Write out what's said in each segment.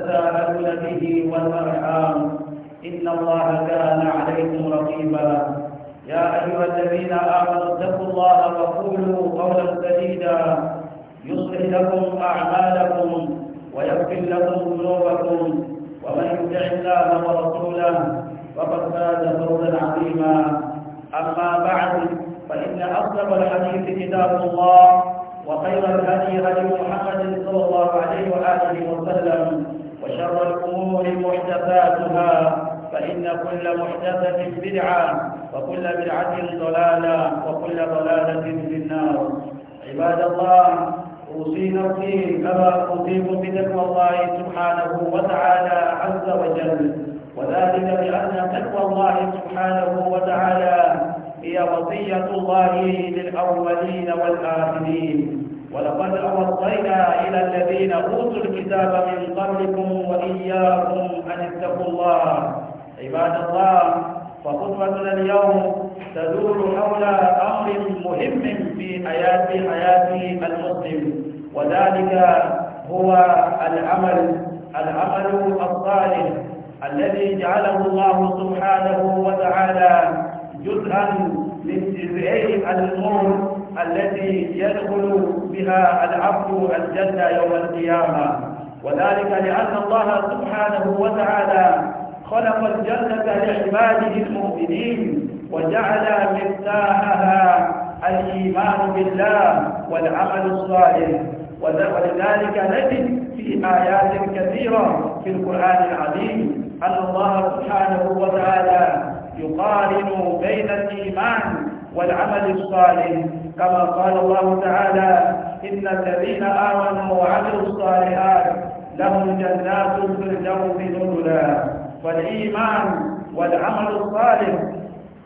تساءلون به والأرحام إن الله كان عليكم رقيبا يا أيها الذين آمنوا اتقوا الله وقولوا قولا سديدا يصلح لكم أعمالكم ويغفر لكم ذنوبكم ومن يطع الله ورسوله فقد فاز فوزا عظيما أما بعد فإن أصدق الحديث كتاب الله وخير الهدي هدي محمد صلى الله عليه وآله وسلم وشر الأمور محدثاتها فإن كل محدثة بدعة وكل بدعة ضلالة وكل ضلالة في النار عباد الله أوصي نفسي كما أوصيكم بتقوى الله سبحانه وتعالى عز وجل وذلك بأن تقوى الله سبحانه وتعالى هي وصية الله للأولين والآخرين ولقد أوصينا إلى الذين أوتوا الكتاب من قبلكم وإياكم أن اتقوا الله عباد الله فخطبتنا اليوم تدور حول أمر مهم في حياة حياة المسلم وذلك هو العمل العمل الصالح الذي جعله الله سبحانه وتعالى جزءا لاستدعاء الامور التي يدخل بها العبد الجنة يوم القيامة وذلك لأن الله سبحانه وتعالى خلق الجنة لعباده المؤمنين وجعل مفتاحها الإيمان بالله والعمل الصالح ولذلك نجد في آيات كثيرة في القرآن العظيم أن الله سبحانه وتعالى يقارن بين الإيمان والعمل الصالح كما قال الله تعالى إن الذين آمنوا وعملوا الصالحات لهم جنات الجوف نزلا فالإيمان والعمل الصالح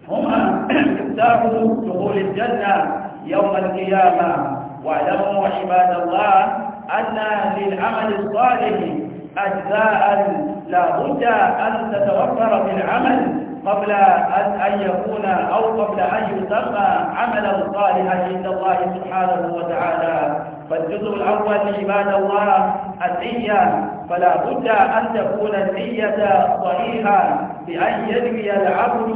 هما مفتاح دخول الجنة يوم القيامة واعلموا عباد الله أن للعمل الصالح أجزاء لا بد أن تتوفر في العمل قبل أن يكون أو قبل أن يسمى عملا صالحا عند الله سبحانه وتعالى فالجزء الأول عباد الله النية فلا بد أن تكون النية صحيحة بأن ينوي العبد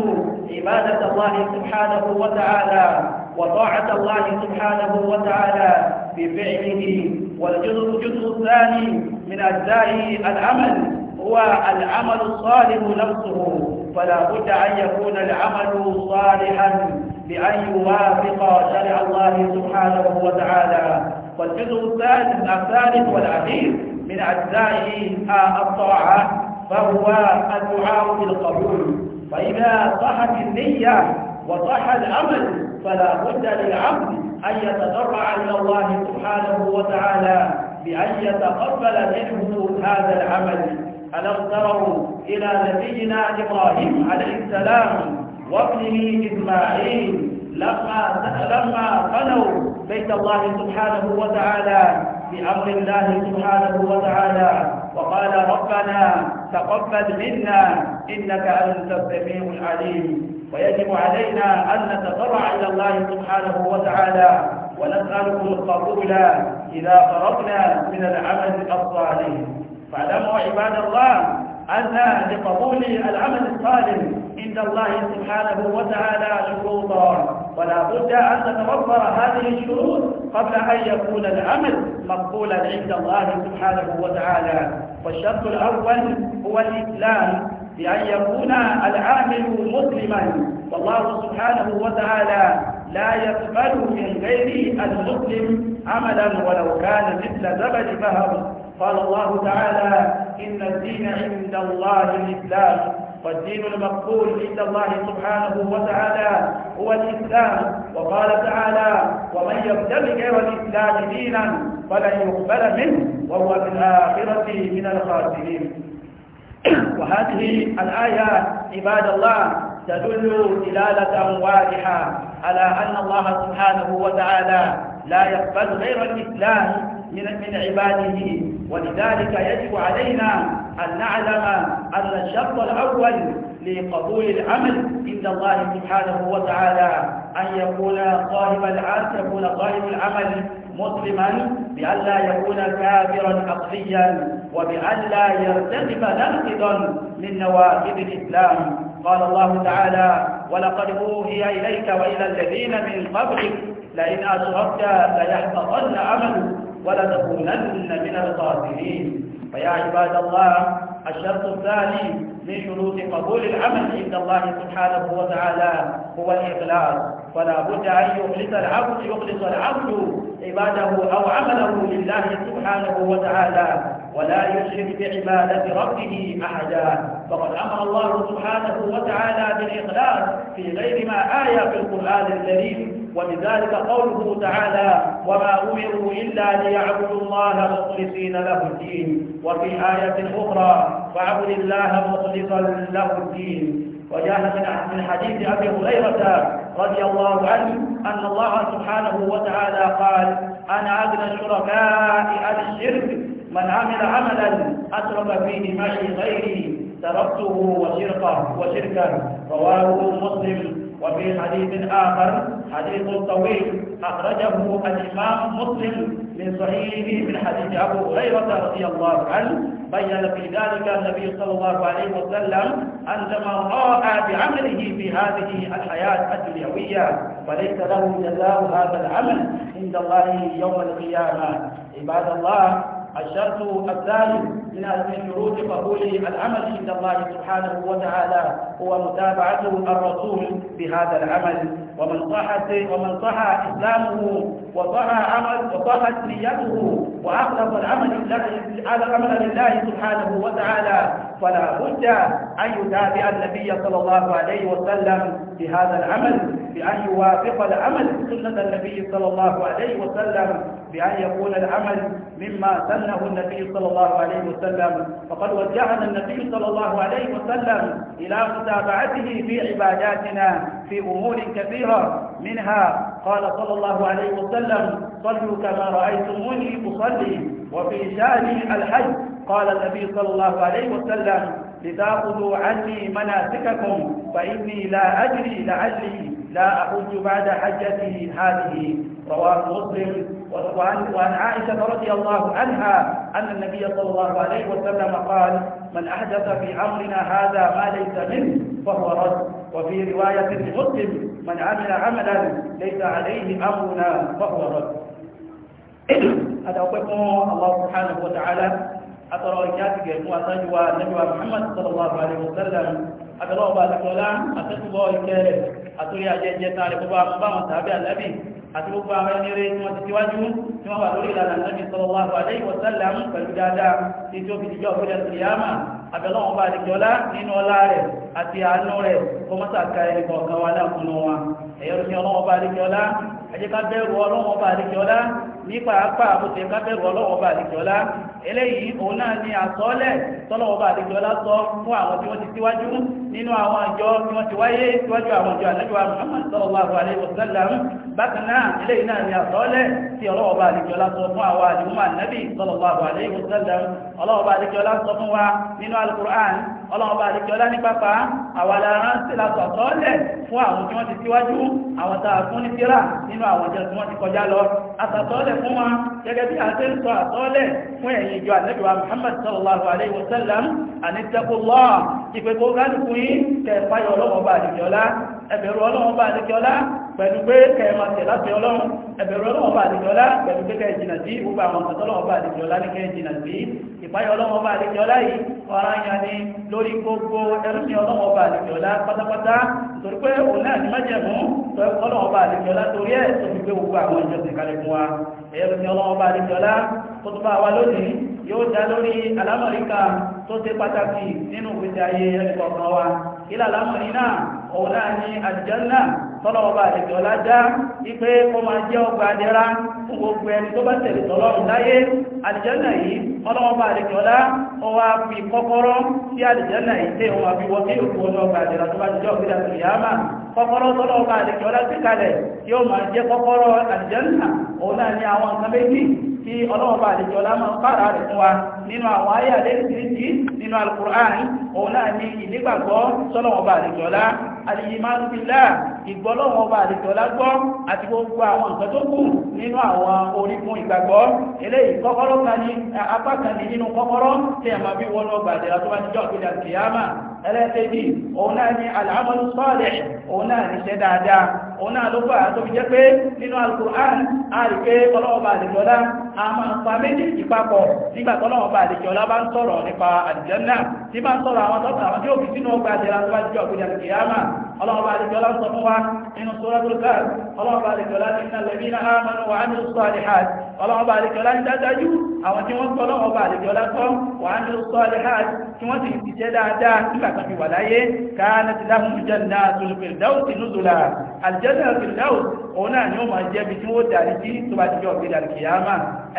عبادة الله سبحانه وتعالى وطاعة الله سبحانه وتعالى بفعله والجزء الجزء الثاني من أجزاء العمل هو العمل الصالح نفسه فلا بد أن يكون العمل صالحا بأن يوافق شرع الله سبحانه وتعالى والجزء الثالث الثالث والأخير من أجزائه الطاعة فهو الدعاء بالقبول فإذا صحت النية وصح الأمل فلا بد للعبد أن يتضرع إلى الله سبحانه وتعالى بأن يتقبل منه هذا العمل ألم تروا إلى نبينا إبراهيم عليه السلام وابنه إسماعيل لما لما بنوا بيت الله سبحانه وتعالى بأمر الله سبحانه وتعالى وقال ربنا تقبل منا إنك أنت السميع العليم ويجب علينا أن نتضرع إلى الله سبحانه وتعالى ونسأله القبول إذا قربنا من العمل الصالح فاعلموا عباد الله أن لقبول العمل الصالح عند الله سبحانه وتعالى شروطا ولا بد أن تتوفر هذه الشروط قبل أن يكون العمل مقبولا عند الله سبحانه وتعالى والشرط الأول هو الإسلام بأن يكون العامل مسلما والله سبحانه وتعالى لا يقبل من غير المسلم عملا ولو كان مثل زبد بهر قال الله تعالى إن الدين عند الله الإسلام والدين المقبول عند الله سبحانه وتعالى هو الإسلام وقال تعالى ومن يبتغي غير الإسلام دينا فلن يقبل منه وهو في الآخرة من الخاسرين وهذه الآية عباد الله تدل دلالة واضحة على أن الله سبحانه وتعالى لا يقبل غير الإسلام من من عباده ولذلك يجب علينا أن نعلم أن الشرط الأول لقبول العمل عند الله سبحانه وتعالى أن يكون صاحب العمل يكون صاحب العمل مسلما بأن لا يكون كافرا عقليا وبأن لا يرتكب ناقضا من نواقض الإسلام قال الله تعالى ولقد أوهي إليك وإلى الذين من قبلك لئن أشركت ليحفظن عملك ولتكونن من الخاسرين فيا عباد الله الشرط الثاني من شروط قبول العمل عند الله سبحانه وتعالى هو الإخلاص فلا بد أن يخلص العبد يخلص العبد عباده أو عمله لله سبحانه وتعالى ولا يشرك بعبادة ربه أحدا فقد أمر الله سبحانه وتعالى بالإخلاص في غير ما آية في القرآن الكريم ولذلك قوله تعالى وما أمروا إلا ليعبدوا الله مخلصين له الدين وفي آية أخرى فاعبد الله مخلصا له الدين وجاء من حديث أبي هريرة رضي الله عنه أن الله سبحانه وتعالى قال أنا أدنى الشركاء عن الشرك من عمل عملا أشرك فيه معي غيري تركته وشركه وشركا رواه مسلم وفي حديث آخر حديث طويل أخرجه الإمام مسلم من صحيحه من حديث أبو هريرة رضي الله عنه بين في ذلك النبي صلى الله عليه وسلم أن من راى بعمله في هذه الحياة الدنيوية فليس له جزاء هذا العمل عند الله يوم القيامة عباد الله الشرط الثالث من شروط قبول العمل عند الله سبحانه وتعالى هو متابعة الرسول بهذا العمل ومن صح ومن صح اسلامه وصح عمل وصحت نيته واخلص العمل على عمل لله سبحانه وتعالى فلا بد ان يتابع النبي صلى الله عليه وسلم بهذا العمل بان يوافق العمل سنه النبي صلى الله عليه وسلم بأن يكون العمل مما سنه النبي صلى الله عليه وسلم فقد وجهنا النبي صلى الله عليه وسلم إلى متابعته في عباداتنا في أمور كثيرة منها قال صلى الله عليه وسلم صلوا كما رأيتموني أصلي وفي شان الحج قال النبي صلى الله عليه وسلم لتأخذوا عني مناسككم فإني لا أدري لعلي لا أحج بعد حجته هذه رواه مسلم وعن عائشة رضي الله عنها أن النبي صلى الله عليه وسلم قال من أحدث في أمرنا هذا ما ليس منه فهو رد وفي رواية لمسلم من عمل عملا ليس عليه أمرنا فهو رد أدعوكم الله سبحانه وتعالى أترى إياتك المؤسج ونجوى محمد صلى الله عليه وسلم أدعوكم الله تعالى أتتبع àtúrí ajẹ́jẹ́ tààrí gbogbo àwọn báwọn tàbí ànábì àti gbogbo àwọn ẹni rẹ̀ tí wọ́n ti tíwájú alaihi wa sallam pẹ̀lú dáadáa tí tí ó fi dìjọ́ òfin ẹ̀sìn yàmà àbẹ̀lọ́wọ̀n bá àdìjọ́ lá nínú ọlá rẹ̀ àti àánú rẹ̀ kó mọ́sà ka ẹni kọ̀ọ̀kan wa lákùnú wa ẹ̀yọ́ fi ọlọ́wọ̀n bá àdìjọ́ lá ẹjẹ́ ká bẹ̀rù ọlọ́wọ̀n bá àdìjọ́ lá ní pàápàá bó ti ká bẹ̀rù ọlọ́wọ́ bá àdìjọ́lá eléyìí òun náà ni àsọ́ọ́lẹ̀ tọ́lọ́wọ́ bá àdìjọ́lá sọ fún àwọn tí wọ́n ti síwájú nínú àwọn àjọ tí wọ́n ti wáyé síwájú àwọn àjọ àlejò Muhammad sallallahu alaihi wasallam bákan náà eléyìí náà ni àsọ́ọ́lẹ̀ tí ọlọ́wọ́ bá àdìjọ́lá sọ fún àwọn àdìmọ́ ànábì sallallahu alaihi àdìjọ́lá sọ fún wa nínú alukur'an ọlọ́ọ̀bá àdíkẹ́ọ́lá ní pápá àwàlà ránṣẹ́ látọ̀ tọ́lẹ̀ fún àwọn tí wọ́n ti síwájú àwọn tàà fún ní tíra nínú àwọn ìjọ tí wọ́n ti kọjá lọ àtàtọ́lẹ̀ fún wa gẹ́gẹ́ bí àti ń sọ àtọ́lẹ̀ fún ẹ̀yìn ìjọ àlẹ́bíwá Muhammad sallallahu alaihi wasallam àníjẹ́kùnlọ́ ìpẹ́kọ́ gánìkú yí kẹfà yọ ọlọ́wọ́ bá àdíkẹ́ọ́lá ẹbẹ̀rù ọlọ́wọ́ ẹ̀bẹ̀rẹ̀ ọlọ́wọ́ bá àdìjọ́lá pẹ̀lú kẹ́kẹ́ ìjìnà sí gbogbo àwọn ọ̀sán tọ́lọ́wọ́ bá àdìjọ́lá ní kẹ́ ìjìnà sí ìpáyọ̀ ọlọ́wọ́ bá àdìjọ́lá yìí ọ̀rá ń yaní lórí gbogbo ẹrùsìn ọlọ́wọ́ bá àdìjọ́lá pátápátá nítorí pé òun náà ní májẹ̀mú ọlọ́wọ́ bá àdìjọ́lá torí ẹ̀ tó fi gbé gbogbo àwọn ìjọsìn kalẹ̀ fún wa ẹrùsìn ọlọ́wọ́ bá àdìjọ́lá tó tó bá wa lónìí yóò dá pàtàkì nínú ìgbésí ayé ẹnìkọ̀ọ̀kan wa kí lálámọ̀rí náà òun náà ní àdìjọ́lá tọ́lọ́wọ́ bá àlejò ọlá dá ipe kó máa jẹ́ ọgbà adẹ́rá fún gbogbo ẹni tó bá tẹ̀lé tọ́lọ́run láyé àlìjẹ́nà yìí ọlọ́wọ́ bá àlejò ọlá ọwọ́ fi kọ́kọ́rọ́ sí àlìjẹ́nà yìí tẹ́ òun àfi wọ́n tí òkú ọjọ́ ọgbà adẹ́rá tó bá ti jọ́ òkúta tó yá mà kọ́kọ́rọ́ tọ́lọ́wọ́ bá àlejò ọlá sí kalẹ̀ tí ó máa jẹ́ kọ́kọ́rọ́ àlìjẹ́nà òun náà ní àwọn nǹkan méjì tí ọlọ́wọ́ bá àlejò ọlá máa fara rẹ̀ fún wa nínú àwọn ayé àlejò nínú alukur'an òun náà ní ìdígbàgbọ́ tọ́lọ́wọ́ bá àlejò ọlá alìyìmánu bílá ìgbọ́lọ́wọ́ ọba àdìjọlá gbọ́ àti gbogbo àwọn nǹkan tó kù nínú àwọn orígun ìgbàgbọ́ eléyìí kọ́kọ́rọ́ kan ní apá kan ní nínú kọ́kọ́rọ́ tí a máa bí wọ́n lọ́gbà àdìjọlá tó bá ti jọ́ ìpínlẹ̀ kìyàmà ẹlẹ́tẹ̀ẹ́jì òun náà ni a máa pa méjèèjì papọ̀ nígbà tó lọ́wọ́ bá àdìjọ ọlá bá ń sọ̀rọ̀ nípa àdìjọ náà tí bá ń sọ̀rọ̀ àwọn tọ́ta àwọn tí ó fi sínú ọgbà àdìjọ اللهم بارك ولا صفوها من سورة الكهف اللهم بارك ولا إن الذين آمنوا وعملوا الصالحات اللهم بارك ولا إن تدعوا أو أن يوصل اللهم بارك ولا قوم وعملوا الصالحات ثم تنسى دعاء كما تفي ولاية كانت لهم جنات الفردوس نزلا الجنة الفردوس هنا يوم الجبي تموت دارجي تبعد يوم إلى القيامة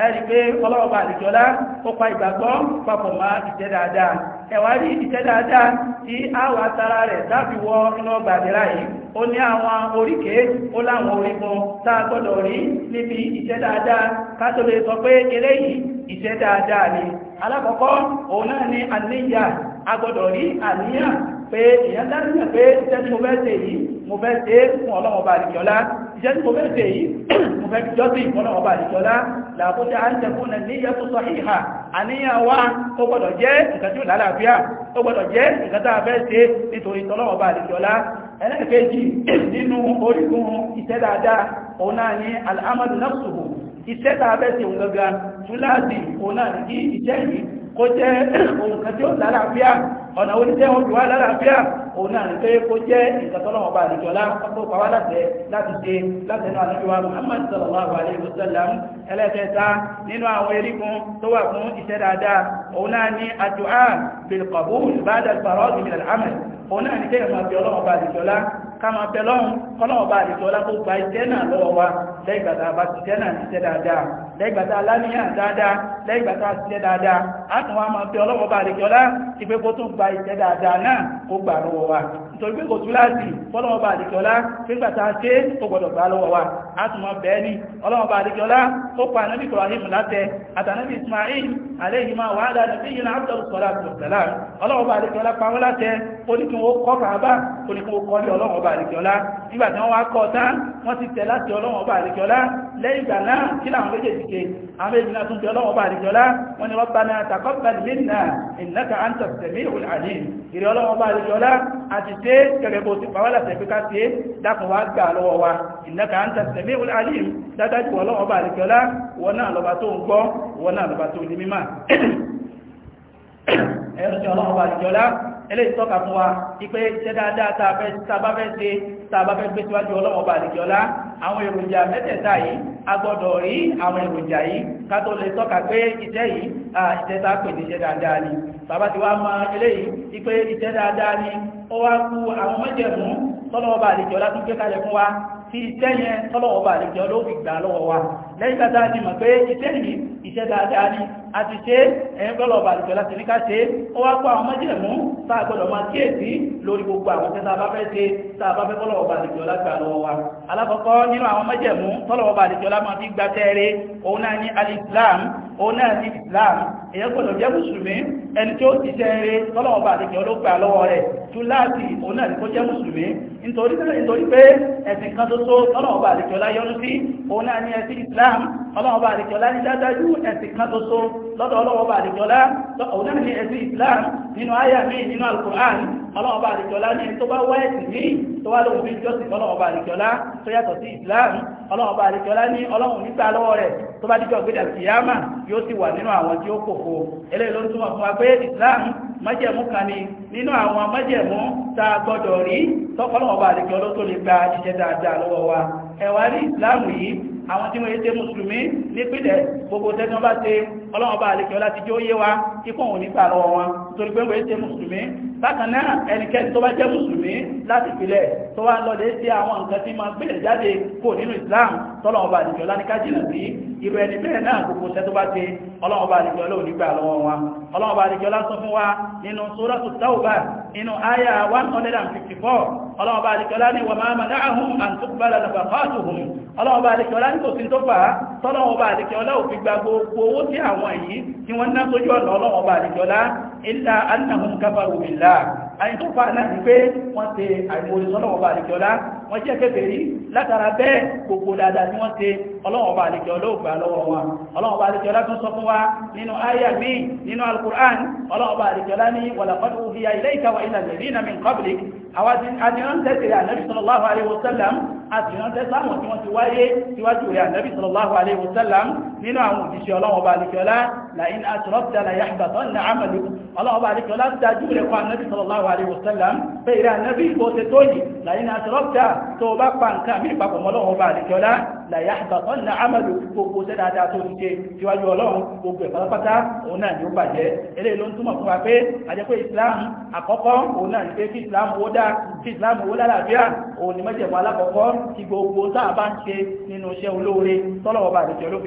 ẹ̀rí pé ọlọ́ọ̀bà àdìjọ́lá ó pa ìgbàgbọ́ papọ̀ mọ́ ìṣẹ́ dáadáa ẹ̀wà rí ìṣẹ́ dáadáa tí a wà tara rẹ̀ láti wọ iná gbàdìrà yìí ó ní àwọn oríkè ó láwọn orígun tá a gbọ́dọ̀ rí níbi ìṣẹ́ dáadáa ká tó lè sọ pé eléyìí ìṣẹ́ dáadáa ni alákọ̀ọ́kọ́ òun náà ni àníyàn a gbọ́dọ̀ rí àníyàn pé èèyàn dáríyàn pé iṣẹ́ tí mo fẹ́ ṣe yìí mo fẹ́ ṣe é fún ọlọ́wọ́ bá àdìjọ́lá iṣẹ́ tí mo fẹ́ ṣe yìí mo fẹ́ fi jọ́sìn fún ọlọ́wọ́ bá àdìjọ́lá làbújá à ń tẹ̀kún náà ní ìyẹ́ tó sọ ìhà àníyàn wa ó gbọ́dọ̀ jẹ́ nǹkan tí ó gbọ́dọ̀ jẹ́ nǹkan fẹ́ ṣe nítorí tọ́lọ́wọ́ bá àdìjọ́lá ọ̀nà oníṣẹ́ wọn ti wá lálàáfíà òun náà pé kó jẹ́ ìtàtọ́lọ́wọ́ bá àlejò lápapọ̀ pàwá láti láti ṣe láti ẹnu àlejò wa Muhammad sallallahu alayhi wa sallam ẹlẹ́tẹ̀ẹ́ta nínú àwọn eríkun tó wà fún iṣẹ́ dáadáa òun náà ní àdúà bil qabul ba'da al-faragh min al-amal òun náà ní kéèyàn máa fi ọlọ́wọ́ bá àlejò lá kama bẹ̀lọ́run kọ́lọ́wọ́ bá tó gba iṣẹ́ náà lọ́wọ́ wa lẹ́yìn ti iṣẹ́ náà ní iṣẹ́ dáadáa lẹ́gbàtà aláníyàn dáadáa lẹ́gbàtà ṣiṣẹ́ dáadáa a tún wá máa fi ọlọ́wọ́ bá àlejò ọlá ìpé kó tún gba ìṣẹ́ dáadáa náà ó gbà lọ́wọ́ wa nítorí pé kò tú láti fọ́lọ́wọ́ba àdìkọ́lá fígbàtà ṣe ó gbọ́dọ̀ gbà lọ́wọ́ wa a tún mọ́ bẹ́ẹ̀ ni ọlọ́wọ́ba àdìkọ́lá ó pa anábì Ibrahim látẹ àtànábì Ismail aléhìmá wàhálà nàbí yìí náà tọ́rù sọ́lá àtọ̀sẹ̀lá ọlọ́wọ́ba àdìkọ́lá pa wọ́n látẹ oníkun ó kọ́ kàábà oníkun ó kọ́lé ọlọ́wọ́ba àdìkọ́lá nígbà tí wọ́n wá kọ́ tán wọ́n ti tẹ̀ láti ọlọ́wọ́ba àdìkọ́lá lẹ́yìn ìgbà náà kí làwọn méjèèjì ṣe àwọn méjì ṣe gẹ́gẹ́ bó ti pàwọ́ láti ẹ̀fẹ́ ká ṣe dákùn wá gbà lọ́wọ́ wa ìnáka ń ta sẹ̀mí olùhálìm dájájú wọ́n lọ́wọ́ bá àríkẹ́lá wọ́n náà lọ́ba tó ń gbọ́ wọ́n náà lọ́ba tó ní mímá ẹ̀rùn tí ọlọ́wọ́ bá àríkẹ́lá eléyìí tọ́ka fún wa ipé iṣẹ́ dáadáa tá a bá fẹ́ a bá fẹ́ gbé síwájú ọlọ́wọ́ bá àríkẹ́lá a gbọ́dọ̀ rí àwọn èròjà yìí ká tó lè tọ́ka pé a pè bàbá ti wá máa eléyìí wípé iṣẹ́ dáadáa ni ó wá kú àwọn mẹ́jẹ̀mú tọ́lọ́wọ́ bá àlejò ọlá tún gbé kalẹ̀ fún wa tí iṣẹ́ yẹn tọ́lọ́wọ́ bá àlejò ló fi gbà lọ́wọ́ wa lẹ́yìn dáadáa ni mọ̀ pé iṣẹ́ yìí iṣẹ́ dáadáa ni a ti ṣe ẹ̀yìn tọ́lọ́wọ́ bá àlejò ọlá ti ní ká ṣe ó wá kú àwọn mẹ́jẹ̀mú tá a gbọ́dọ̀ máa kíyèsí lórí gbogbo àwọn tẹ́ta bá fẹ́ ṣe tá a bá fẹ́ tọ́lọ́wọ́ bá àlejò ọlá gbà lọ́wọ́ wa alákọ̀ọ́kọ́ nínú àwọn mẹ́jẹ̀mú tọ́lọ́wọ́ bá àlejò ọlá máa fi gbà tẹ́ẹ̀rẹ́ òun náà ní alìsílám òun náà ẹni tí ó ti jẹ́ eré tọ́lọ́wọ́ bá àdékẹ́ olóògbà lọ́wọ́ rẹ̀ tún láti òun náà ní kó jẹ́ mùsùlùmí nítorí pé ẹ̀sìn kan tó tó tọ́lọ́wọ́ bá àdékẹ́ ọlá yọ́nú sí òun náà ní ẹ̀sìn Islam ọlọ́wọ́ bá àdékẹ́ ọlá ní dájájú ẹ̀sìn kan tó tó lọ́dọ̀ ọlọ́wọ́ bá àdékẹ́ ọlá òun náà ní ẹ̀sìn Islam nínú àyà mi nínú Al-Qur'an ọlọ́wọ́ bá àdékẹ́ ọlá ní tó bá wá yóò sì wà nínú àwọn tí ó kòkó eléyìí ló ń túmọ̀ fún wa pé islam májẹ̀mú kan ni nínú àwọn májẹ̀mú tá a gbọ́dọ̀ rí tọ́kọ́lọ́wọ́ bá àdìkẹ́ ọlọ́tò lè gba iṣẹ́ dáadáa lọ́wọ́ wa ẹ̀wà rí islam yìí àwọn tí wọ́n yé ṣe mùsùlùmí nípìnlẹ̀ gbogbo tẹ́tí bá ṣe ọlọ́wọ́n bá àlekẹ́ ọlá ti jó yé wa ikú òun nígbà lọ́wọ́ wọn torí pé wọ́n ṣe mùsùlùmí bákan náà ẹnikẹ́ni tó bá jẹ́ mùsùlùmí láti ìpìlẹ̀ tó wá lọ́dẹ̀ sí àwọn nǹkan tí máa gbélé jáde kò nínú Islam tọ́lọ́wọ́n bá àlekẹ́ ọlá ní ká jìnà sí irú ẹni bẹ́ẹ̀ náà gbogbo iṣẹ́ tó bá ṣe ọlọ́wọ́n bá àlekẹ́ ọlá onígbà lọ́wọ́ wọn ọlọ́wọ́n bá àlekẹ́ ọlá sọ fún wa nínú Suratu àwọn èyí tí wọ́n ná sójú ọ̀nà ọlọ́wọ́ bá àdìjọlá ilá annahum kafaru billah àyí tó fà náà ní pé wọ́n ṣe àìmòrì sọ́lọ́wọ́ bá àdìjọlá wọ́n jẹ́ kèfèrí látara bẹ́ẹ̀ gbogbo dáadáa tí wọ́n ṣe ọlọ́wọ́ bá àdìjọlá ò gbà lọ́wọ́ wọn ọlọ́wọ́ bá àdìjọlá tún àti ìránṣẹ́ sáwọn tí wọ́n ti wáyé síwájú rẹ̀ ànábì sallallahu alaihi wasallam nínú àwọn òjíṣẹ́ ọlọ́wọ́ bá alìkọ́lá la'in asrọ́pítà la yahbatanna 'amalu ọlọ́wọ́ bá alìkọ́lá dájú rẹ̀ kọ́ ànábì sallallahu alaihi wasallam pé ìrẹ́ ànábì kò ṣe tóyì alìkọ́lá làyà àbàtọ́ ní àmàlù gbogbo tẹ́ dáadáa tó ti ṣe síwájú ọlọ́run gbogbo ìpàlápátá òun náà ni ó bàjẹ́ eléyìí ló ń túmọ̀ fún wa pé àjẹpẹ́ islam àkọ́kọ́ òun náà ni pé kí islam wó dáa kí islam wó lálàáfíà òun ni mẹ́jẹ̀mú alákọ̀ọ́kọ́ kí gbogbo tá a bá ń ṣe nínú iṣẹ́ olóore tọ́lọ́wọ́ bá àdìjọ́ ló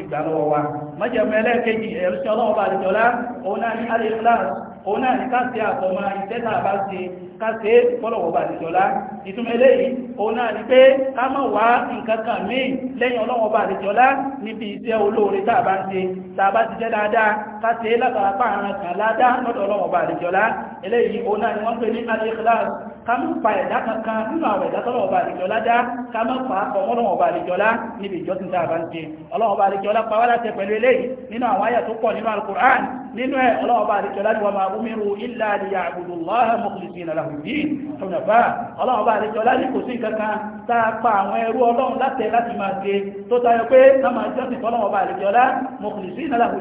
fi ká ṣe fọ́lọ̀wọ̀ bá ti jọlá ìtumọ̀ eléyìí òun náà ni pé ká mọ̀ wá nǹkan kan míì lẹ́yìn ọlọ́wọ̀ bá ti jọlá níbi iṣẹ́ olóore tàbá ń ṣe tàbá ti jẹ́ dáadáa ká ṣe látàrápá àrùn kan ládá ni wọ́n pè ká mọ́ pa ẹ̀dá kankan nínú àwọn ẹ̀dá tọ́lọ̀ ọba àlejọ́lá dá ká mọ́ pa ọmọlọ́wọ́ ọba àlejọ́lá níbi ìjọsìn tá a bá ń ṣe ọlọ́wọ́ ọba àlejọ́lá pa wá láti pẹ̀lú eléyìí nínú àwọn àyà tó pọ̀ nínú alukur'an nínú ẹ̀ ọlọ́wọ́ ọba àlejọ́lá ni wọ́n máa bú mírù ilá àlìyà àbùdù lọ́hà mọ́kùnrin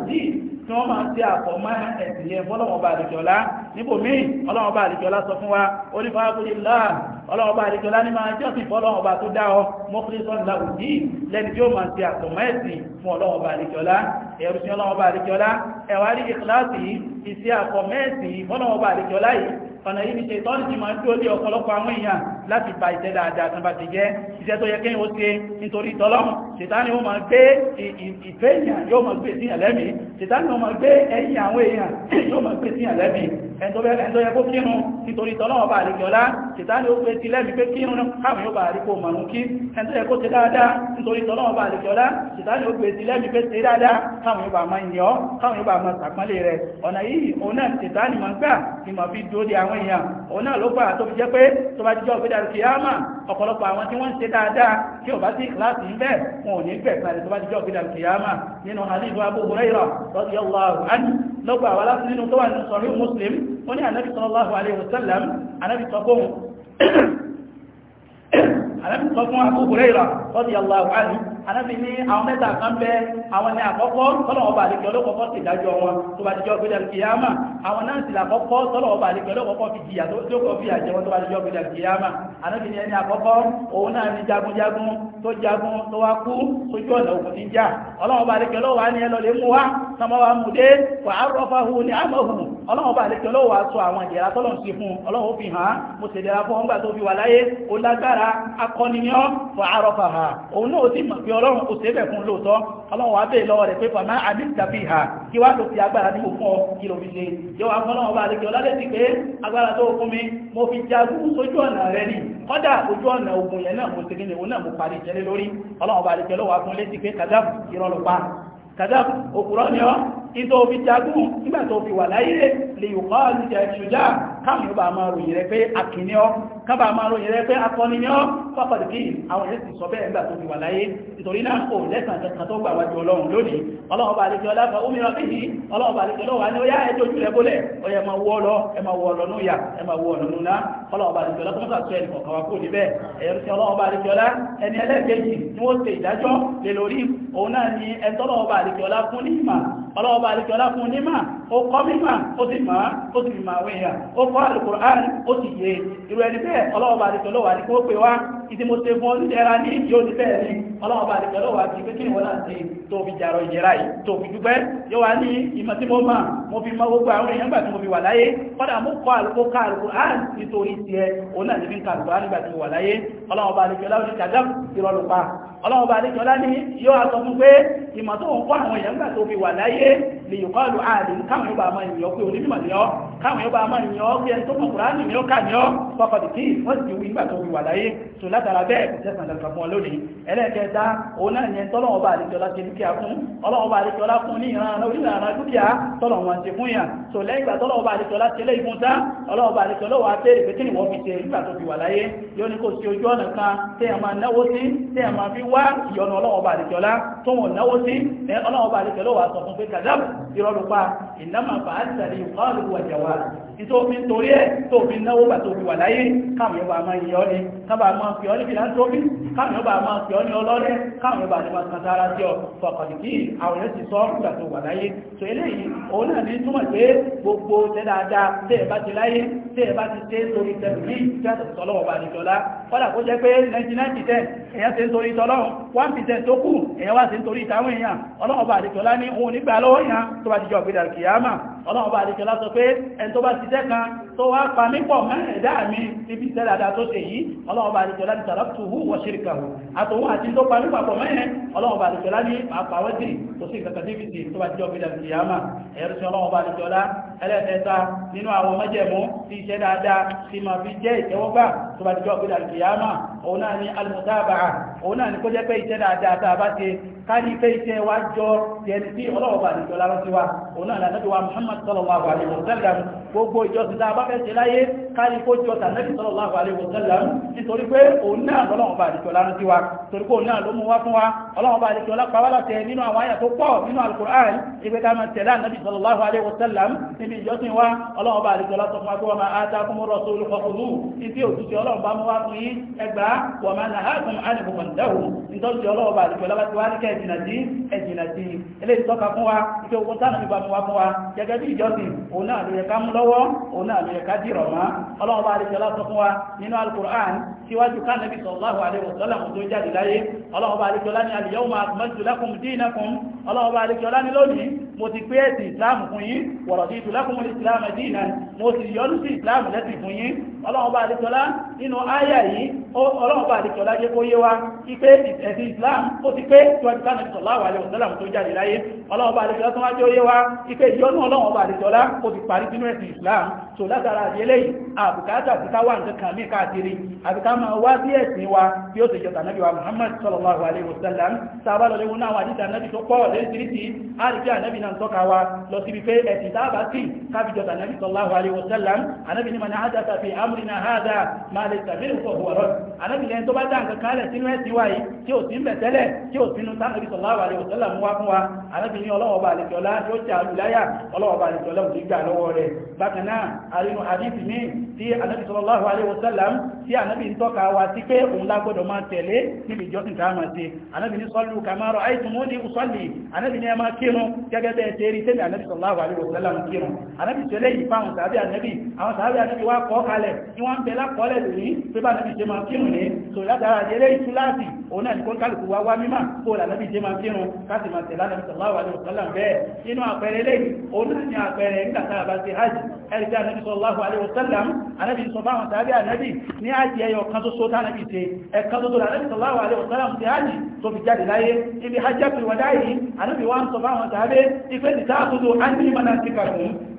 sí tí wọ́n máa ń tí àpọ̀ mọ́ ẹ̀sìn yẹn fọ́lọ́wọ́n bá àdìjọ́lá níbò míì ọlọ́wọ́n bá àdìjọ́lá sọ fún wa ó ní fáwọ́kúrí láà ọlọ́wọ́n bá àdìjọ́lá ní máa jọ́ sí fọ́lọ́wọ́n bá tó dá ọ mọ́kúrísọ́n láwùjí lẹ́ni tí ó máa ti àpọ̀ mọ́ ẹ̀sìn fún ọlọ́wọ́n bá àdìjọ́lá ẹ̀rù sí ọlọ́wọ́n bá àdìjọ́lá ẹ̀wà rí ìkìláàsì ìsí àpọ̀ mẹ́ẹ̀sìn fọ́lọ́wọ́n bá àdìjọ́lá yìí ọ̀nà yìí ni ṣe tọ́lù ti máa ń dúró lé ọ̀pọ̀lọpọ̀ àwọn èèyàn láti ba ìṣẹ́ dáadáa tán bá ti jẹ́ iṣẹ́ tó yẹ kí ó ṣe nítorí tọ́lọ́run ṣètánì ó máa gbé ìfẹ́ èèyàn yóò máa gbé e sí ẹ̀lẹ́mì ṣètánì ó máa gbé ẹ̀yìn àwọn èèyàn yóò máa gbé e sí ẹ̀lẹ́mì ẹ̀ntọ́ yẹ kó kírun nítorí tọ́lọ́run ọba àríkẹ́ọlá ṣètánì ó gbé e sí lẹ́mì pé kírun káàmì ó bá àríkò màrún kí ẹ̀ntọ́ yẹ kó ṣe dáadáa nítorí tọ́lọ́run ọba àríkẹ́ọlá ṣètánì ó gbé sí lẹ́mì pé ṣe dáadáa káàmì ó bá máa yọ káàmì ó ọ̀nà yìí òun náà ṣètánì máa gbà ni màá fi dúró de àwọn èèyàn òun náà ló gbà tó fi jẹ́ pé tó bá jíjọ́ òfin dàrú kìí dáadáa tí ò bá sí kíláàsì ń bẹ́ẹ̀ wọn ò ní gbẹ̀sán ẹni tó bá ti jọ gbẹ̀dà kìyàmà nínú hadith Abu Hurairah radiyallahu anhu lọ́gbà wà láti nínú tó wà nínú Sahih Muslim ó ní ànábì sallallahu alaihi wasallam ànábì sọ fún ànábì sọ fún Abu Hurairah radiyallahu anhu anábì ní àwọn mẹ́ta kan bẹ àwọn ní àkọ́kọ́ tọ́lọ̀ ọba àlejò ọlọ́kọ̀ọ́kọ́ sì dájọ́ wọn tó bá dijọ́ gbéjà kìyàmà àwọn náà sì làkọ́kọ́ tọ́lọ̀ ọba àlejò ọlọ́kọ̀ọ́kọ́ fi jìyà tó kọ́ fi àjẹwọ́n tó bá dijọ́ gbéjà kìyàmà anábì ní ẹni àkọ́kọ́ òun náà ní jagunjagun tó jagun tó wá kú ojú ọ̀nà òkú ní jà ọlọ́run bá àdékẹ́ lọ́wọ́ á ẹlọ́lẹ̀ mú wá sọmọ wa mú dé wà á rọ́ fáhùn ní àmọ̀hùn ọlọ́run bá àdékẹ́ lọ́wọ́ á sọ àwọn ìdẹ̀ra tọ́lọ̀ sí fún ọlọ́run fi hàn mo sì dẹ̀ra fún ọgbà tó fi wà láyé ó lágbára akọniyàn fọ àrọ́fà ha òun náà sì mọ̀ pé ọlọ́run kò sébẹ̀ fún lóòótọ́ ọlọ́run wá bèè lọ́wọ́ rẹ̀ pé fàmá àdìsàbí ha kí wá tó fi agbára ní òfún ọ kí ló fi ṣe yọ wá fún ọlọ́run bá àdékẹ́ ọlọ́lẹ́ ti pé agbára tó fún mi mo fi jagun sójú ọ̀nà rẹ̀ ni kọ́dà ojú ọ̀nà ogun yẹn náà mo ti kí ni òun náà mo parí j ṣẹlẹ̀ lórí ọlọ́run bá àlejò lọ́wọ́ akún létí pé kàdáàbù irọ́ ló òkúrọ́ ni ọ́ ìtò fi jagun nígbà tó fi wà láyé lè yùkọ́ alìjẹ ṣùjá káàkiri bá máa ròyìn rẹ pé akìní ọ kábà máa ròyìn rẹ pé akọni ní ọ pápàdìkì àwọn èsì sọ bẹ́ẹ̀ nígbà tó fi wà láyé ìtorí náà kò lẹ́sàn kẹta tó gbà wájú ọlọ́run lónìí ọlọ́run bá lẹ́kẹ́ ọlá fún omíràn bí yìí ọlọ́run bá lẹ́kẹ́ lọ́wọ́ ní ó yá ẹjọ́ ojú rẹ̀ bólẹ̀ ó yẹ ọlá fún ní ìmà ọlọ́ọ̀bá àríkẹ́ ọlákùn onímà ó kọ́ mímà ó sì máa ó sì máa wéyà ó kọ́ Al-Kùránì ó sì yé irú ẹni bẹ́ẹ̀ ọlọ́ọ̀bá àríkẹ́ ọlọ́wà ní kó pè wá ìdí mo ṣe fún ọ ọlọ́wọ́ bá àdìgbẹ́ lọ́wọ́ àti pé kí ni wọ́n náà ṣe tó fi jàrọ ìjẹ́ra yìí tó fi dúpẹ́ yóò wá ní ìmọ̀ tí mo mà mo fi mọ gbogbo àwọn èèyàn gbà tí mo fi wà láyé kọ́dà mo kọ́ àlùkò ká àlùkò á nítorí tiẹ̀ òun náà ní fi ń ka àlùkò á nígbà mo wà láyé ọlọ́wọ́ bá àdìgbẹ́ lọ́wọ́ ní kàdáp ìrọ̀lùpa ọlọ́wọ́ bá àdìgbẹ́ lá yóò wá fún pé ìmọ̀ tó kọ́ àwọn èèyàn gbà tó fi wà láyé lè yìí kọ́ lu ààrẹ káwọn yóò bá máa yìn ọ́ pé onímọ̀ ni ọ́ káwọn yóò bá máa yìn ọ́ pé ẹni tó mọ̀ kúránì ni ó kà ní ọ́ fọkọ̀ tìkì wọ́n sì ti wí nígbà tó wí wà láyé tó látara bẹ́ẹ̀ kò tẹ̀sán dandan fún ọ lónìí ẹlẹ́ẹ̀kẹta òun náà yẹn tọ́lọ́ ọba àlejòlá ti dúkìá fún ọlọ́wọ́ ọba àlejòlá fún ní ìran orílẹ̀-èdè dúkìá tọ́lọ̀ wọn ti fún yàn tó lẹ́yìn ìgbà tọ́lọ̀ ọba àlejòlá ti lé ìfún tán ọlọ́wọ́ ọba àlejòlá tó fi náwó sí tẹ́ ọlọ́wọ́ ọba àlejòlá wà sọ fún pé kàdáàbù ìrọ̀lùpá ìnáma bàá tẹ̀lé ìkọ́lù wà jẹ̀wà ìtòfin torí ẹ̀ tófin náwó bàtò wà láyé káwọn yóò bá máa yẹ ọ́ ni káwọn bá máa fi ọ́ ní philanthropy káwọn yóò bá máa fi ọ́ ní ọlọ́rẹ́ káwọn yóò bá ní máa kàtà ara sí ọ fọkànlì kí àwọn yóò sì sọ nígbà tó wà láyé so eléyìí òun náà ní túmọ̀ pé gbogbo tẹ́ dáadáa tẹ́ ẹ bá ti láyé tẹ́ ẹ bá ti dé torí tẹ̀lé ìjọ́sọ̀ tọ́lọ́wọ́ bá nìjọlá kọ́dà kó jẹ́ pé 1990 èyàn ṣe ń torí tọ́lọ́run 1% tó kù èyàn wá ṣe ń torí ìtàwọn èyàn ọlọ́wọ́ bá nìjọlá ní òun nígbà lọ́wọ́ èyàn tó bá ti jọ ìgbédàkìyàmà ọlọ́ọ̀bá àdíkẹ́ lásọ pé ẹni tó bá ti tẹ́ka tó wá pa mípọ̀ mẹ́rẹ̀dá mi níbi iṣẹ́ dáadáa tó ṣe yìí ọlọ́ọ̀bá àdíkẹ́ láti tàràtùhù wọ̀ ṣíríkàwò àtòhun àti tó pa mípàpọ̀ mẹ́rẹ̀ ọlọ́ọ̀bá àdíkẹ́ láti pàápàá wẹ́dì tó sì kàkàdé ẹlẹ́ẹ̀kẹta nínú àwọn mẹ́jẹ̀mú tí iṣẹ́ dáadáa tí ma fi jẹ́ ìtẹ́wọ́gbà tó bá dìjọ́ ìpínlẹ̀ alìkìyàmà òun náà ni alìmọ̀tàbàá òun náà ni kó jẹ́ pé iṣẹ́ dáadáa tá a bá ti ká ní pé iṣẹ́ wa jọ tẹni tí ọlọ́wọ́ bá nìjọ lára sí wa òun náà lànà wa Muhammad sallallahu alaihi wa sallam gbogbo ìjọsìn tá a bá fẹ́ ṣe láyé ká ní kó jọ tànẹ́bì sallallahu alaihi níbi ìjọsìn wa ọlọ́run bá àlejò lọ́sọ̀ fún agbóhùn máa ta kún mọ́rọ̀ sórí ọkùnrù ìdí òtútù ọlọ́run bá mú wá fún yín ẹgbà wọ̀ máa nàá fún àdìbò pàǹdáwò ìtọ́jú ọlọ́run bá àlejò lọ́wọ́ tí wá ní kẹ́ ẹ̀jìnà sí ẹ̀jìnà sí eléyìí tọ́ka fún wa ìfẹ́ ogun tánà mi bá mú wá fún wa gẹ́gẹ́ mo ti pé ẹ̀sìn ìsìláàmù fún yín wọ̀rọ̀ sí ìtùlákùnmọ́ ìsìláàmù ẹ̀dínà mo sì yọ́nú sí ìsìláàmù lẹ́sìn fún yín ọlọ́run bá àdéjọlá nínú áyà yìí ọlọ́ọ̀bá àdìsọ̀ láyé kó yé wa ipé ẹ̀sìn Islam ó ti pé tíwájú sáà nàìjíríà láwà ayọ̀ sálàmù tó jáde láyé ọlọ́ọ̀bá àdìsọ̀ tó wájú yé wa ipé ìyọ́nú ọlọ́ọ̀bá àdìsọ̀ lá ó ti parí sínú ẹ̀sìn Islam tó látara àdìyẹlẹ́ yìí àbùkátà ti táwà nǹkan kan mí káàkiri àbíká máa wá sí ẹ̀sìn wa bí ó ti jọ tànàbí wa Muhammad sallallahu alaihi wasallam sábà lọ léwu náà wà níta nàbí tó pọ̀ lẹ́sìrìsì àrífí ànábì náà tọ́ka wa lọ sí wípé ẹ̀sìn tábà sí kábí jọ tànàbí sallallahu alaihi wasallam ànábì ní man hadatha fi amrina hadha ma laysa minhu fa huwa radd alábìlẹ̀ tó bá dá nǹkan kalẹ̀ sínú ẹ̀sìn wáyé tí ò sí ń bẹ̀ tẹ́lẹ̀ tí ò sínú sánàbí sallallahu alaihi wasallam mú wá fún wa alábìlẹ̀ ọlọ́wọ́ bá àlejò ọlá yóò jà lùláyà ọlọ́wọ́ bá àlejò ọlá òdì gbà lọ́wọ́ rẹ̀ bákan tí ànábì ń tọ́ka wa sí pé òun lágbọ́dọ̀ máa tẹ̀lé níbi ìjọsìn tá a máa ṣe ànábì ní sọ́lù kàmárò àìsùnmọ́ ní ìsọ́lì ànábì ní ẹ máa kírun gẹ́gẹ́ bẹ́ẹ̀ tẹ́rí tẹ́lẹ̀ ànábì sallallahu alaihi wasallam kírun ànábì tẹ́lẹ̀ yìí fáwọn sàábì ànábì ní so látara jẹlẹ ìtúláàsì òun náà ní kó kálukú wá wá mímà kó lànàbí jẹ máa fírun káàsì máa tẹ̀lá nàbí sallallahu alaihi wasallam bẹ́ẹ̀ nínú àpẹẹrẹ lẹ́yìn òun náà ní àpẹẹrẹ nígbà tá a bá ṣe hajj ẹ̀rí tí ànàbí sallallahu alaihi wasallam ànàbí sọ báwọn tàbí ànàbí ní hajj ẹyọ kan tó so tá ànàbí ṣe ẹ̀ka tó tó ànàbí sallallahu alaihi wasallam ṣe hajj tó fi jáde láyé ibi hajj pè wọ́n dáyìí ànàbí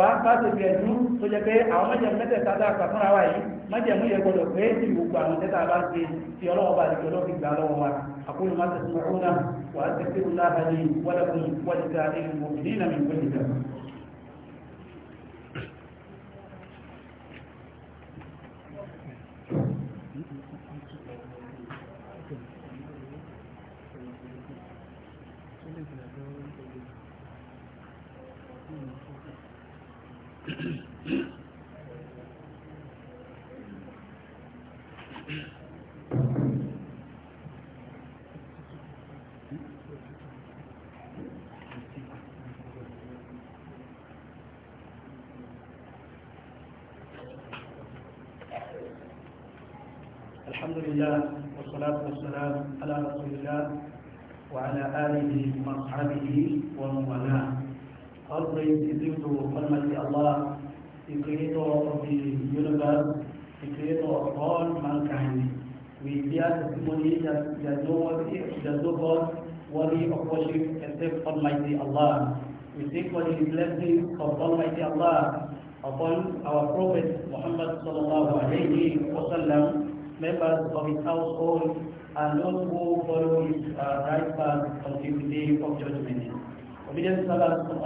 fà á bá ti gbìyànjú tó jẹ pé àwọn májẹ̀mú mẹ́tẹ̀ẹ̀ta dá fúnra wa yìí májẹ̀mú yẹ gbọdọ̀ pé ti gbogbo àwọn tẹ́tà bá ti fi ọlọ́wọ́ bá àdìgbò lọ́ọ́ gbà lọ́wọ́ wa àkóyò má tẹ̀sán ọ̀hún náà wà á tẹ̀sán ọ̀hún náà وأصحابه ومن All praise is due to Almighty Allah, the creator of the universe, the creator of all mankind. We bear testimony that there is no God worthy of worship except Almighty Allah. We seek for the blessing of Almighty Allah upon our Prophet Muhammad sallallahu alayhi wa sallam members of his household, and those who follow his uh, right path until the day of judgment. Obedience to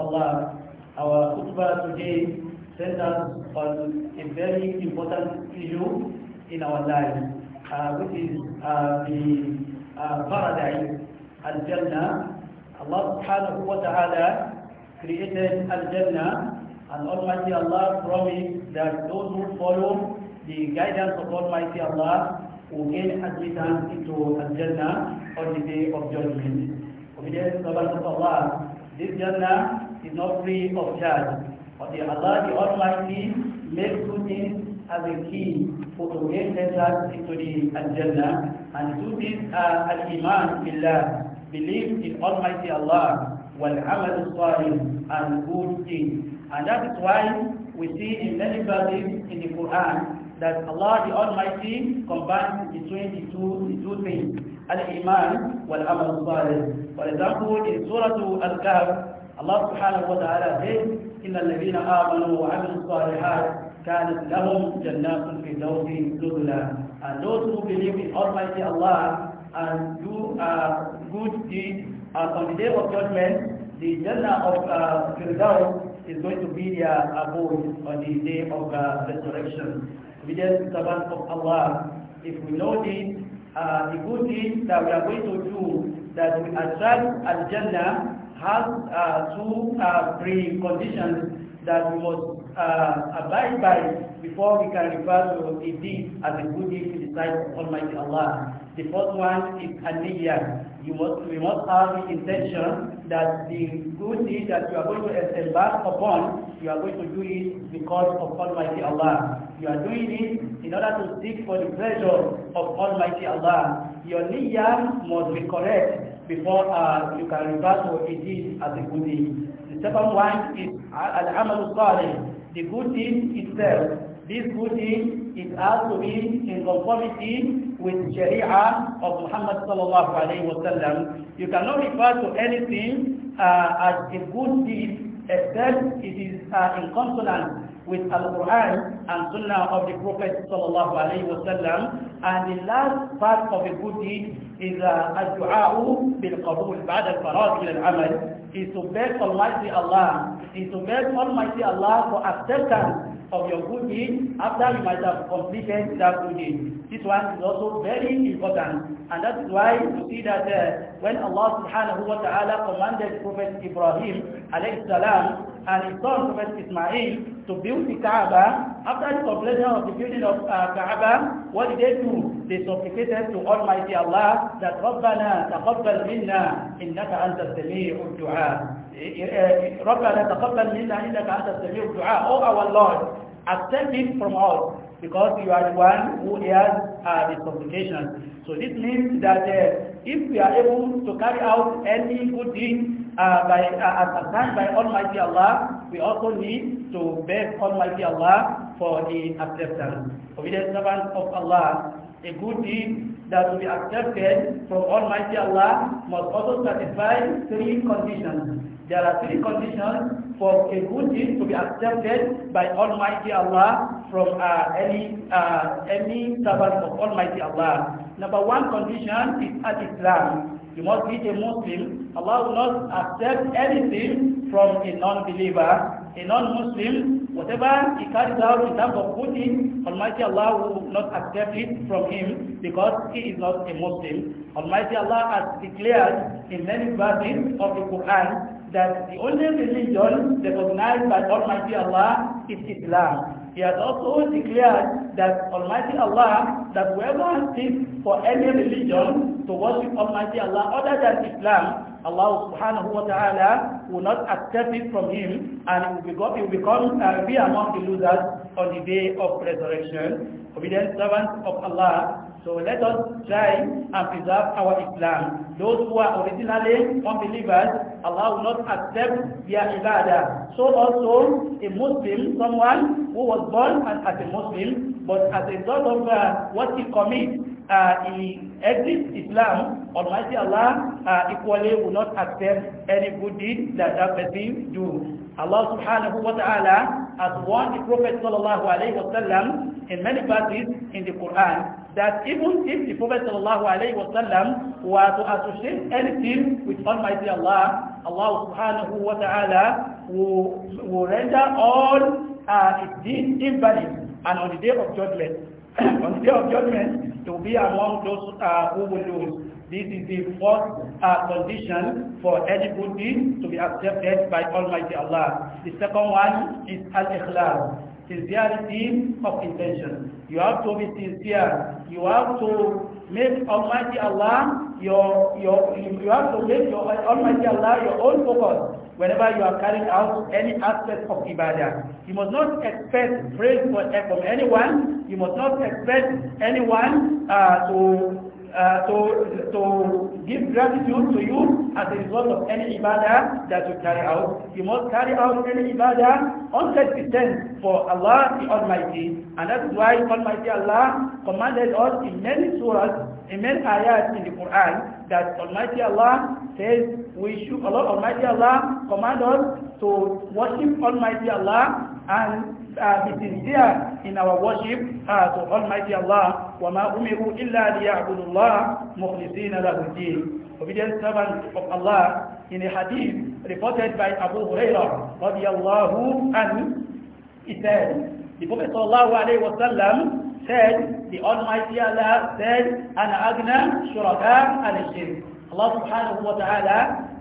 Allah, our khutbah today centers on a very important issue in our lives, uh, which is uh, the uh, paradise, Al-Jannah. Allah subhanahu wa ta'ala created Al-Jannah and Almighty Allah promised that those who follow the guidance of Almighty Allah will gain admittance into Al-Jannah on the day of judgment. Obedience of Allah, this Jannah is not free of charge. But the Allah, the Almighty, makes two things as a key for to gain entrance into the Al-Jannah. And two things are Al-Iman Billah, belief in Almighty Allah, wal-amal salih, and good things. And that is why we see in many verses in the Quran that Allah the Almighty combines between the two, the two things, al-Iman wal-Amal salih. For example, in Surah Al-Kahf, Allah subhanahu wa ta'ala says, إِنَّ الَّذِينَ آمَنُوا وَعَمِلُوا الصَّالِحَاتِ كانت لهم جنات الفردوس نزلا and those who believe in Almighty Allah and do uh, good deeds uh, on the day of judgment the Jannah of uh, Firdaus is going to be their abode on the day of uh, resurrection obedient servants of Allah. If we know this, uh, the good thing that we are going to do that we attract Al-Jannah has uh, two uh, preconditions that we must uh, abide by before we can refer to a deed as a good deed in the sight of Almighty Allah. The first one is aniyya. You must, we must have the intention that the good deed that you are going to embark upon, you are going to do it because of Almighty Allah. You are doing it in order to seek for the pleasure of Almighty Allah. Your niyyah must be correct before uh, you can refer to it is as a good deed. The second one is al-amal salih, the good deed itself. This good deed is also be in conformity with Sharia of Muhammad sallallahu alayhi wa You cannot refer to anything uh, as a good deed except it is uh, in consonance with Al-Quran and Sunnah of the Prophet sallallahu alaihi wasallam. And the last part of a good deed is uh, al-du'a bil qabul ba'da al-farad ila al-amal is to beg Almighty Allah is to beg Almighty Allah for acceptance of your good deed after you might have completed that good deed. This one is also very important. And that's why you see that uh, when Allah subhanahu wa ta'ala commanded Prophet Ibrahim alayhi salam and his son Prophet Ismail to build the Kaaba, after the completion of the building of uh, Kaaba, what did they do? They supplicated to Almighty Allah that رَبَّنَا تَقَبَّلْ مِنَّا إِنَّكَ أَنْتَ السَّمِيعُ الدُّعَاء رَبَّنَا تَقَبَّلْ مِنَّا إِنَّكَ أَنْتَ السَّمِيعُ الدُّعَاء Oh our Lord, accept it from us because you are the one who hears uh, the supplications. So this means that uh, if we are able to carry out any good deed uh, by, uh, assigned by Almighty Allah, we also need to beg Almighty Allah for the acceptance. Obedient servants of Allah, a good deed that will be accepted from Almighty Allah must also satisfy three conditions. There are three conditions for a good deed to be accepted by Almighty Allah from uh, any uh, any servant of Almighty Allah. Number one condition is at islam You must be a Muslim. Allah will not accept anything from a non-believer. A non-Muslim Whatever he carries out in terms of good deeds, Almighty Allah will not accept it from him because he is not a Muslim. Almighty Allah has declared in many verses of the Quran that the only religion recognized by Almighty Allah is Islam. He has also declared that Almighty Allah, that whoever seeks for any religion to worship Almighty Allah other than Islam, Allah subhanahu wa ta'ala will not accept it from him and he will, become, uh, be among the losers on the day of resurrection. Obedient servants of Allah so let us try and preserve our Islam. Those who are originally unbelievers, Allah will not accept their ibadah. So also a Muslim, someone who was born as, as a Muslim, but as a result of uh, what he commits, uh, he exits Islam, Almighty Allah uh, equally will not accept any good deed that that person do. Allah subhanahu wa ta'ala has warned the Prophet sallallahu alayhi wa sallam in many verses in the Quran that even if the Prophet sallallahu alayhi wa sallam were to associate anything with Almighty Allah, Allah subhanahu wa ta'ala will, will render all uh, his deeds invalid and on the day of judgment. on the day of judgment, to be among those uh, who will lose. This is the first uh, condition for any good deed to be accepted by Almighty Allah. The second one is al-ikhlas, sincerity of intention. You have to be sincere. You have to make Almighty Allah your, your you have to make your Almighty Allah your own focus whenever you are carrying out any aspect of ibadah. You must not expect praise from anyone you must not expect anyone uh, to uh, to to give gratitude to you as a result of any ibadah that you carry out. You must carry out any ibadah on percent for Allah the Almighty, and that is why Almighty Allah commanded us in many surahs in many ayat in the Quran that Almighty Allah says we should Allah Almighty Allah command us to worship Almighty Allah and uh, be sincere in our worship uh, to Almighty Allah وَمَا أُمِرُوا إِلَّا لِيَعْبُدُوا اللَّهَ مُخْلِصِينَ لَهُ الدِّينَ Obedient servant of Allah in a hadith reported by Abu Hurairah رضي الله عنه he said the Prophet ﷺ said, the Almighty Allah said, Ana agna shuraka al Allah subhanahu wa ta'ala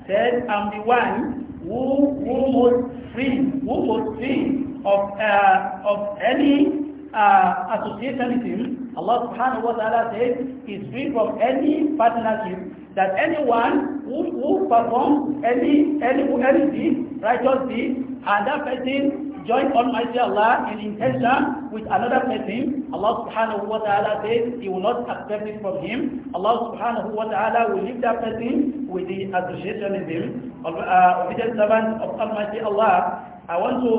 said, I'm the one who, who was free, who was free of, uh, of any uh, associationism. Allah subhanahu wa ta'ala said, is free from any partnership that anyone who, who performs any, any, any deed, righteous deed, and that person join Almighty Allah in intention with another person, Allah subhanahu wa ta'ala says He will not accept it from him. Allah subhanahu wa ta'ala will leave that person with the association in him. Uh, obedient servant of Almighty Allah, I want to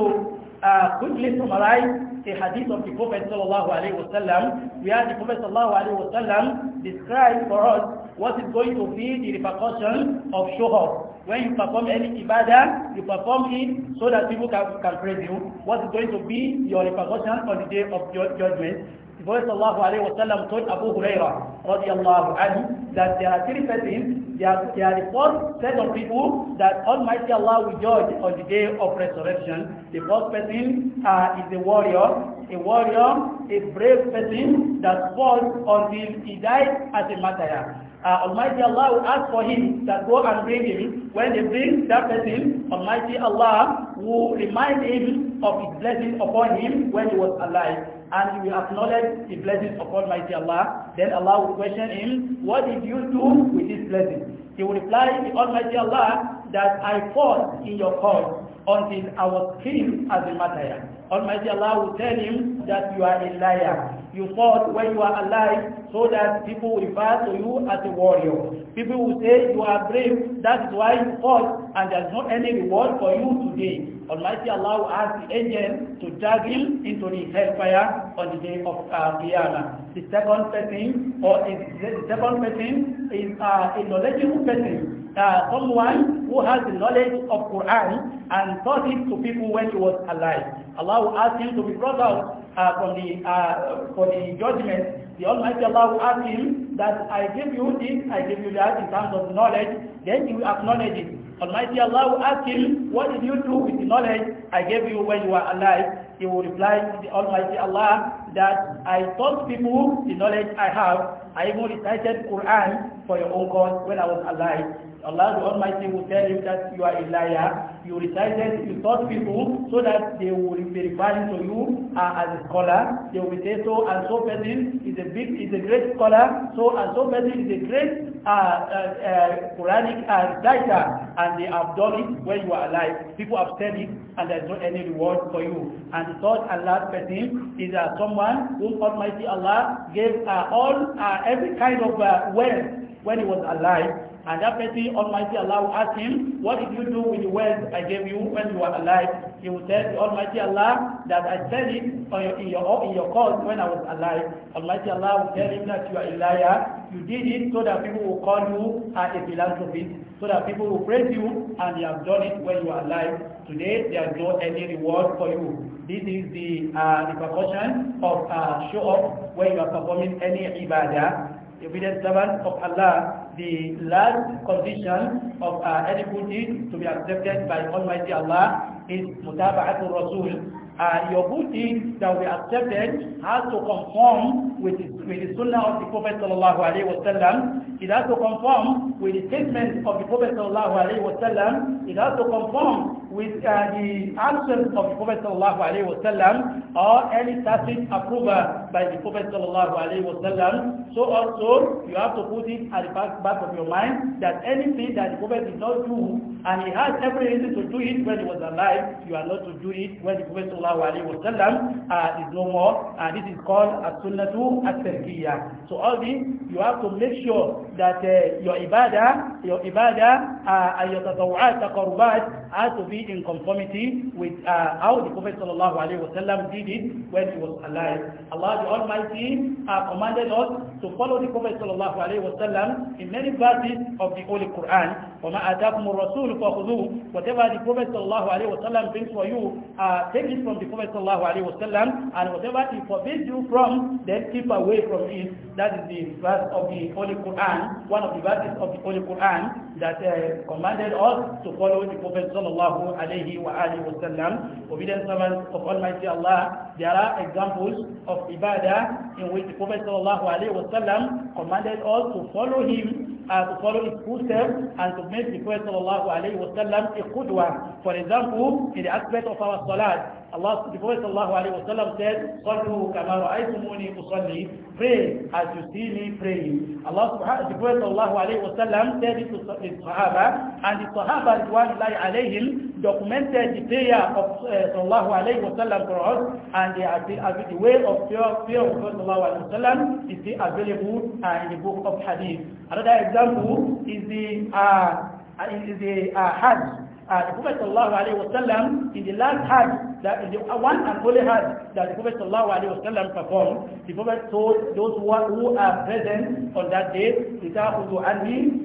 uh, quickly summarize a hadith of the Prophet sallallahu alaihi wasallam, where the Prophet sallallahu alaihi wasallam described for us what is going to be the repercussion of shuhur. When you perform any ibadah, you perform it so that people can, can praise you. What is going to be your repercussion on the day of your judgment? The Prophet ﷺ told Abu Hurairah radiallahu anhu that there are three persons, there are, are the first set of people that Almighty Allah will judge on the day of resurrection. The first person uh, is a warrior, a warrior, a brave person that fought until he died as a martyr uh, Almighty Allah will ask for him that go and bring him. When they bring that person, Almighty Allah will remind him of his blessing upon him when he was alive. And he will acknowledge the blessings of Almighty Allah. Then Allah will question him, what did you do with this blessing? He will reply, Almighty Allah, that I fought in your cause until I was killed as a martyr. Almighty Allah will tell him that you are a liar you fought when you are alive so that people refer to you as a warrior. People will say you are brave, that is why you fought and there is not any reward for you today. Almighty Allah will ask the angel to drag him into the hellfire on the day of uh, Qiyamah. The second person, or the second person is uh, a knowledgeable person uh, someone who has the knowledge of Quran and taught it to people when he was alive. Allah will ask him to be brought out uh, the, uh, for the judgment, the Almighty Allah will ask him that I give you this, I give you that in terms of knowledge, then he will acknowledge it. Almighty Allah will ask him, what did you do with the knowledge I gave you when you were alive? He will reply to the Almighty Allah that I taught people the knowledge I have. I even recited Quran for your own cause when I was alive. Allah the Almighty will tell him that you are a liar you recited, you taught people so that they will be referring to you uh, as a scholar. They will say so and so person is a big, is a great scholar, so and so person is a great uh, uh, uh Quranic uh, writer, and they have done it when you are alive. People have said it, and there is no any reward for you. And the third and last person is uh, someone whom Almighty Allah gave all every kind of wealth when he was alive and that person, Almighty Allah will ask him, what did you do with the wealth I gave you when you were alive? He will tell the Almighty Allah that I said it in your, in your cause when I was alive. Almighty Allah will tell him that you are a liar. You did it so that people will call you a philanthropist, so that people will praise you and you have done it when you are alive. Today, there is no any reward for you. This is the uh, repercussion of uh, show up when you are performing any ibadah obedient servant of Allah, the last condition of our uh, iniquity to be accepted by Almighty Allah is mutaba'atul Rasul. Uh, your good that will be accepted has to conform with his with the sunnah of the Prophet sallallahu alaihi wasallam. It has to conform with the statement of the Prophet sallallahu alaihi wasallam. It has to conform with uh, the actions of the Prophet sallallahu alaihi wasallam or any tacit approval by the Prophet sallallahu alaihi wasallam. So also you have to put it at the back, back of your mind that anything that the Prophet did not do and he has every reason to do it when he was alive, you are not to do it when the Prophet sallallahu alaihi wasallam uh, is no more. And uh, this is called as sunnah to so all these, you have to make sure that uh, your ibadah, your ibadah uh, and your tatawa'at, taqarubat has to be in conformity with uh, how the Prophet sallallahu alayhi wa sallam did it when he was alive. Allah the Almighty uh, commanded us to follow the Prophet sallallahu alayhi wa sallam in many verses of the Holy Quran. وَمَا أَتَاكُمُ الرَّسُولُ فَخُذُوهُ Whatever the Prophet sallallahu alayhi wa sallam brings for you, uh, take it from the Prophet sallallahu alayhi wa sallam and whatever he forbids you from, then keep away that is the verse of the Holy Quran, one of the verses of the Holy Quran that uh, commanded us to follow the Prophet sallallahu alayhi Wasallam, obedient servants of Almighty Allah. There are examples of ibadah in which the Prophet sallallahu alayhi Wasallam commanded us to follow him, uh, to follow his footsteps and to make the Prophet sallallahu alayhi Wasallam sallam a qudwa. For example, in the aspect of our salat, Allah, the Prophet sallallahu said, "Sallu kama ra'aytumuni usalli." Pray as you see me praying. Allah subhanahu the Prophet sallallahu said it to the Sahaba, and the Sahaba ridwanullahi alayhim documented the prayer of صلى sallallahu عليه wasallam for us, and the, as the way of prayer, of صلى Prophet sallallahu wasallam is the available in the book of Hadith. Another example is the uh, is the uh, Hajj. uh, the Prophet wasallam in the last Hajj, that in the one and only Hajj that the Prophet wasallam performed, the Prophet told those who are, who are present on that day, "Take how you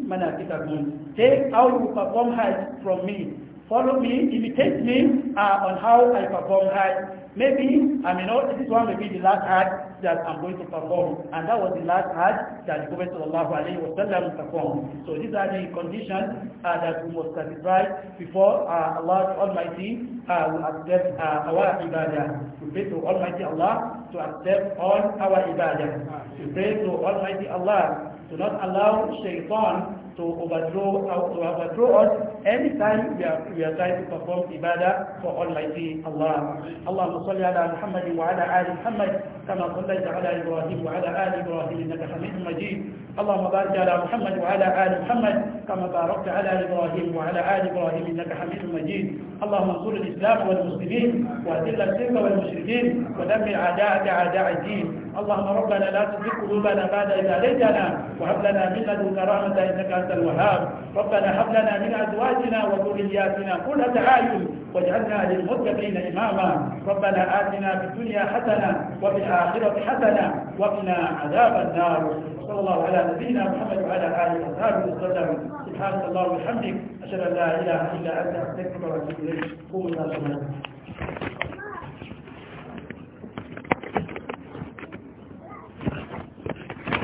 perform Hajj from me." follow me, imitate me uh, on how I perform Hajj. Maybe, I mean, oh, this one may be the last Hajj that I'm going to perform. And that was the last Hajj that the Prophet Sallallahu Alaihi Wasallam performed. So these are the conditions uh, that we must satisfy before uh, Allah Almighty uh, will accept uh, our ibadah. We pray to Almighty Allah to accept all our ibadah. We pray to Almighty Allah to not allow shaitan to overthrow, to overthrow us Any time we are, we are trying to perform ibadah for Almighty Allah. Allahumma salli ala Muhammad wa ala ali Muhammad كما صليت على إبراهيم وعلى آل إبراهيم إنك حميد مجيد اللهم بارك على محمد وعلى آل محمد كما باركت على إبراهيم وعلى آل إبراهيم إنك حميد مجيد اللهم انصر الإسلام والمسلمين وأذل الشرك والمشركين ودمر أعداءك أعداء الدين اللهم ربنا لا تزغ قلوبنا بعد اذا هديتنا وهب لنا من لدنك رحمة إنك أنت الوهاب ربنا هب لنا من أزواجنا وذرياتنا قرة أعين واجعلنا للمتقين إماما ربنا آتنا في الدنيا حسنة وفي الآخرة حسنة وقنا عذاب النار صلى الله على نبينا محمد وعلى آله وصحبه وسلم سبحانك اللهم وبحمدك أشهد أن لا إله إلا أنت أستغفرك وأتوب إليك قوموا إلى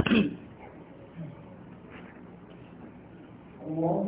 صلاتكم